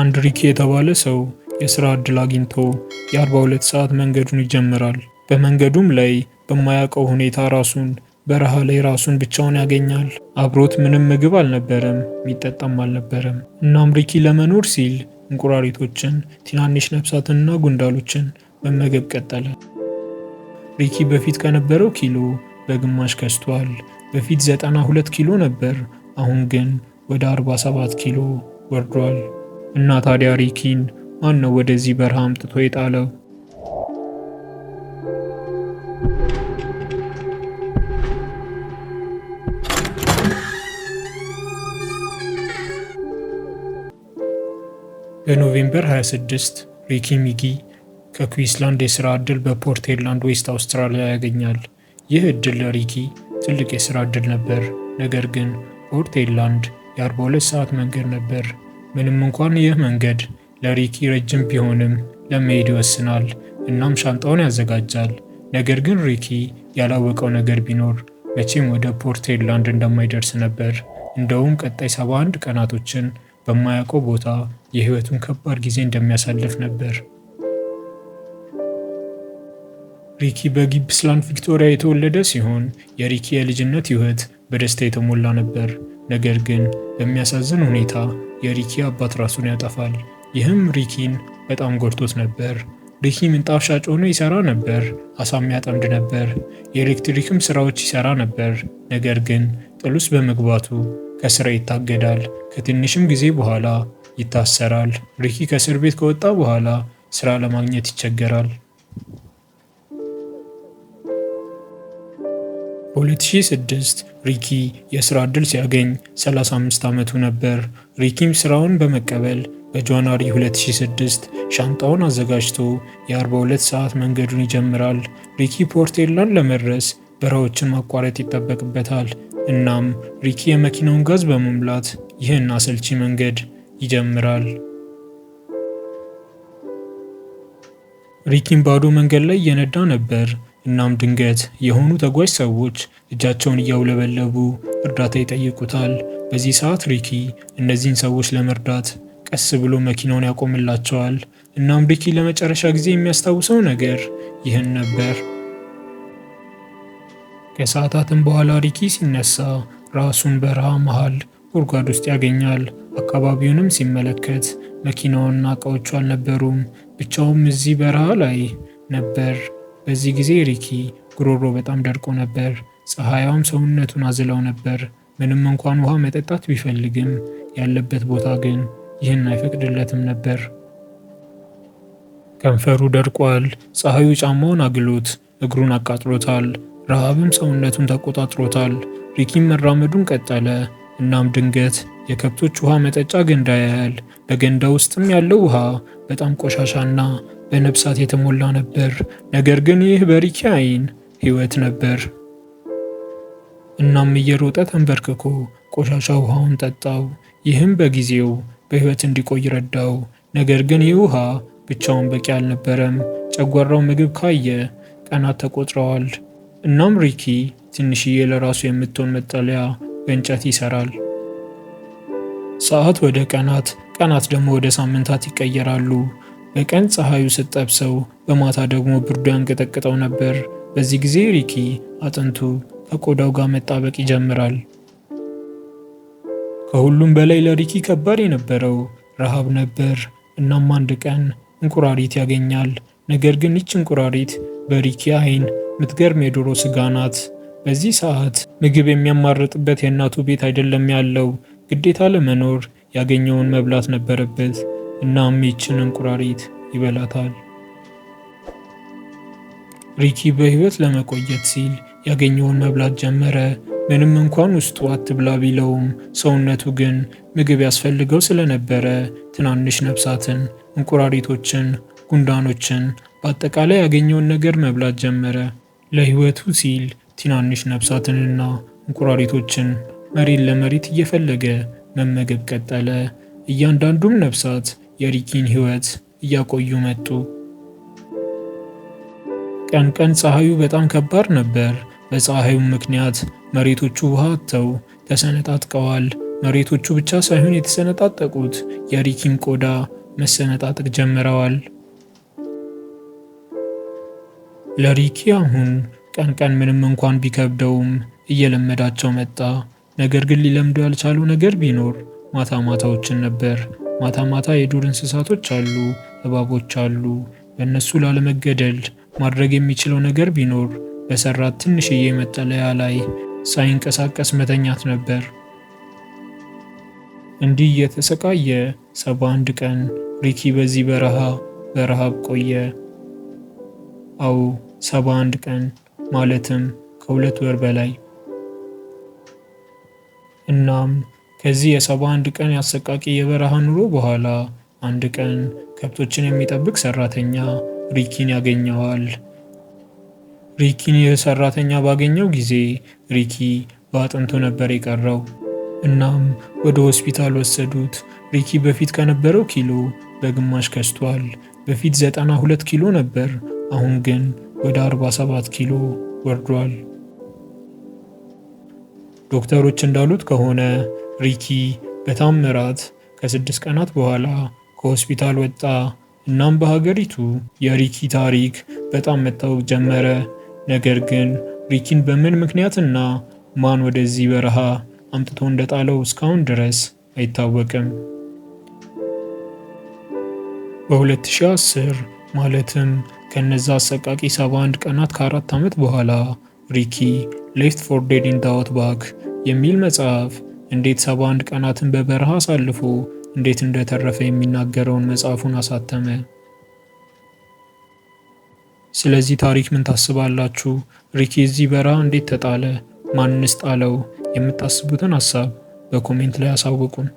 አንድ ሪኪ የተባለ ሰው የስራ ዕድል አግኝቶ የ42 ሰዓት መንገዱን ይጀምራል። በመንገዱም ላይ በማያውቀው ሁኔታ ራሱን በረሃ ላይ ራሱን ብቻውን ያገኛል። አብሮት ምንም ምግብ አልነበረም፣ የሚጠጣም አልነበረም። እናም ሪኪ ለመኖር ሲል እንቁራሪቶችን፣ ትናንሽ ነፍሳትንና ጉንዳሎችን መመገብ ቀጠለ። ሪኪ በፊት ከነበረው ኪሎ በግማሽ ከስቷል። በፊት 92 ኪሎ ነበር፣ አሁን ግን ወደ 47 ኪሎ ወርዷል። እና ታዲያ ሪኪን ማን ነው ወደዚህ በረሃ አምጥቶ የጣለው? በኖቬምበር 26 ሪኪ ሚጊ ከኩዊንስላንድ የስራ ዕድል በፖርት ሄድላንድ ዌስት አውስትራሊያ ያገኛል። ይህ ዕድል ለሪኪ ትልቅ የስራ ዕድል ነበር፣ ነገር ግን ፖርት ሄድላንድ የ42 ሰዓት መንገድ ነበር። ምንም እንኳን ይህ መንገድ ለሪኪ ረጅም ቢሆንም ለመሄድ ይወስናል። እናም ሻንጣውን ያዘጋጃል። ነገር ግን ሪኪ ያላወቀው ነገር ቢኖር መቼም ወደ ፖርት እንደማይደርስ ነበር። እንደውም ቀጣይ 71 ቀናቶችን በማያውቀው ቦታ የህይወቱን ከባድ ጊዜ እንደሚያሳልፍ ነበር። ሪኪ በጊፕስላንድ ቪክቶሪያ የተወለደ ሲሆን የሪኪ የልጅነት ህይወት በደስታ የተሞላ ነበር። ነገር ግን በሚያሳዝን ሁኔታ የሪኪ አባት ራሱን ያጠፋል። ይህም ሪኪን በጣም ጎድቶት ነበር። ሪኪ ምንጣፍ ሻጭ ሆኖ ይሰራ ነበር። አሳም ያጠምድ ነበር። የኤሌክትሪክም ስራዎች ይሰራ ነበር። ነገር ግን ጥሉስ በመግባቱ ከስራ ይታገዳል። ከትንሽም ጊዜ በኋላ ይታሰራል። ሪኪ ከእስር ቤት ከወጣ በኋላ ስራ ለማግኘት ይቸገራል። 2006 ሪኪ የስራ ዕድል ሲያገኝ 35 ዓመቱ ነበር። ሪኪም ስራውን በመቀበል በጃንዋሪ 2006 ሻንጣውን አዘጋጅቶ የ42 ሰዓት መንገዱን ይጀምራል። ሪኪ ፖርቴላን ለመድረስ በረሃዎችን ማቋረጥ ይጠበቅበታል። እናም ሪኪ የመኪናውን ጋዝ በመሙላት ይህን አሰልቺ መንገድ ይጀምራል። ሪኪም ባዶ መንገድ ላይ እየነዳ ነበር። እናም ድንገት የሆኑ ተጓዥ ሰዎች እጃቸውን እያውለበለቡ እርዳታ ይጠይቁታል። በዚህ ሰዓት ሪኪ እነዚህን ሰዎች ለመርዳት ቀስ ብሎ መኪናውን ያቆምላቸዋል። እናም ሪኪ ለመጨረሻ ጊዜ የሚያስታውሰው ነገር ይህን ነበር። ከሰዓታትም በኋላ ሪኪ ሲነሳ ራሱን በረሃ መሃል ጉድጓድ ውስጥ ያገኛል። አካባቢውንም ሲመለከት መኪናውና እቃዎቹ አልነበሩም፣ ብቻውም እዚህ በረሃ ላይ ነበር። በዚህ ጊዜ ሪኪ ጉሮሮ በጣም ደርቆ ነበር። ፀሐያውም ሰውነቱን አዝለው ነበር። ምንም እንኳን ውሃ መጠጣት ቢፈልግም ያለበት ቦታ ግን ይህን አይፈቅድለትም ነበር። ከንፈሩ ደርቋል። ፀሐዩ ጫማውን አግሎት እግሩን አቃጥሎታል። ረሃብም ሰውነቱን ተቆጣጥሮታል። ሪኪም መራመዱን ቀጠለ። እናም ድንገት የከብቶች ውሃ መጠጫ ገንዳ ያያል። በገንዳ ውስጥም ያለው ውሃ በጣም ቆሻሻና በነብሳት የተሞላ ነበር። ነገር ግን ይህ በሪኪ አይን ህይወት ነበር። እናም እየሮጠ ተንበርክኮ ቆሻሻ ውሃውን ጠጣው። ይህም በጊዜው በህይወት እንዲቆይ ረዳው። ነገር ግን ይህ ውሃ ብቻውን በቂ አልነበረም። ጨጓራው ምግብ ካየ ቀናት ተቆጥረዋል። እናም ሪኪ ትንሽዬ ለራሱ የምትሆን መጠለያ በእንጨት ይሰራል። ሰዓት ወደ ቀናት፣ ቀናት ደግሞ ወደ ሳምንታት ይቀየራሉ። በቀን ፀሐዩ ስትጠብሰው፣ በማታ ደግሞ ብርዱ ያንቀጠቅጠው ነበር። በዚህ ጊዜ ሪኪ አጥንቱ ከቆዳው ጋር መጣበቅ ይጀምራል። ከሁሉም በላይ ለሪኪ ከባድ የነበረው ረሃብ ነበር። እናም አንድ ቀን እንቁራሪት ያገኛል። ነገር ግን ይች እንቁራሪት በሪኪ አይን ምትገርም የዶሮ ስጋ ናት። በዚህ ሰዓት ምግብ የሚያማርጥበት የእናቱ ቤት አይደለም ያለው። ግዴታ ለመኖር ያገኘውን መብላት ነበረበት። እናም ይችን እንቁራሪት ይበላታል። ሪኪ በህይወት ለመቆየት ሲል ያገኘውን መብላት ጀመረ። ምንም እንኳን ውስጡ አትብላ ቢለውም ሰውነቱ ግን ምግብ ያስፈልገው ስለነበረ ትናንሽ ነፍሳትን፣ እንቁራሪቶችን፣ ጉንዳኖችን በአጠቃላይ ያገኘውን ነገር መብላት ጀመረ። ለህይወቱ ሲል ትናንሽ ነፍሳትንና እንቁራሪቶችን መሬት ለመሬት እየፈለገ መመገብ ቀጠለ። እያንዳንዱም ነፍሳት የሪኪን ሕይወት እያቆዩ መጡ። ቀን ቀን ፀሐዩ በጣም ከባድ ነበር። በፀሐዩ ምክንያት መሬቶቹ ውሃ አጥተው ተሰነጣጥቀዋል። መሬቶቹ ብቻ ሳይሆን የተሰነጣጠቁት የሪኪን ቆዳ መሰነጣጠቅ ጀምረዋል። ለሪኪ አሁን ቀን ቀን ምንም እንኳን ቢከብደውም እየለመዳቸው መጣ። ነገር ግን ሊለምደው ያልቻለው ነገር ቢኖር ማታ ማታዎችን ነበር ማታ ማታ የዱር እንስሳቶች አሉ፣ እባቦች አሉ። በእነሱ ላለመገደል ማድረግ የሚችለው ነገር ቢኖር በሰራት ትንሽዬ መጠለያ ላይ ሳይንቀሳቀስ መተኛት ነበር። እንዲህ እየተሰቃየ ሰባ አንድ ቀን ሪኪ በዚህ በረሃ በረሃብ ቆየ። አዎ ሰባ አንድ ቀን ማለትም ከሁለት ወር በላይ እናም ከዚህ የሰባ አንድ ቀን ያሰቃቂ የበረሃ ኑሮ በኋላ አንድ ቀን ከብቶችን የሚጠብቅ ሰራተኛ ሪኪን ያገኘዋል። ሪኪን ይህ ሰራተኛ ባገኘው ጊዜ ሪኪ በአጥንቱ ነበር የቀረው። እናም ወደ ሆስፒታል ወሰዱት። ሪኪ በፊት ከነበረው ኪሎ በግማሽ ከስቷል። በፊት 92 ኪሎ ነበር፣ አሁን ግን ወደ 47 ኪሎ ወርዷል። ዶክተሮች እንዳሉት ከሆነ ሪኪ በታምራት ከስድስት ቀናት በኋላ ከሆስፒታል ወጣ። እናም በሀገሪቱ የሪኪ ታሪክ በጣም መታወቅ ጀመረ። ነገር ግን ሪኪን በምን ምክንያትና ማን ወደዚህ በረሃ አምጥቶ እንደጣለው እስካሁን ድረስ አይታወቅም። በ2010 ማለትም ከነዛ አሰቃቂ 71 ቀናት ከአራት ዓመት በኋላ ሪኪ ሌፍት ፎር ዴድ ኢን ባክ የሚል መጽሐፍ እንዴት ሰባ አንድ ቀናትን በበረሃ አሳልፎ እንዴት እንደተረፈ የሚናገረውን መጽሐፉን አሳተመ። ስለዚህ ታሪክ ምን ታስባላችሁ? ሪኪ እዚህ በረሃ እንዴት ተጣለ? ማንስ ጣለው? የምታስቡትን ሀሳብ በኮሜንት ላይ አሳውቁን።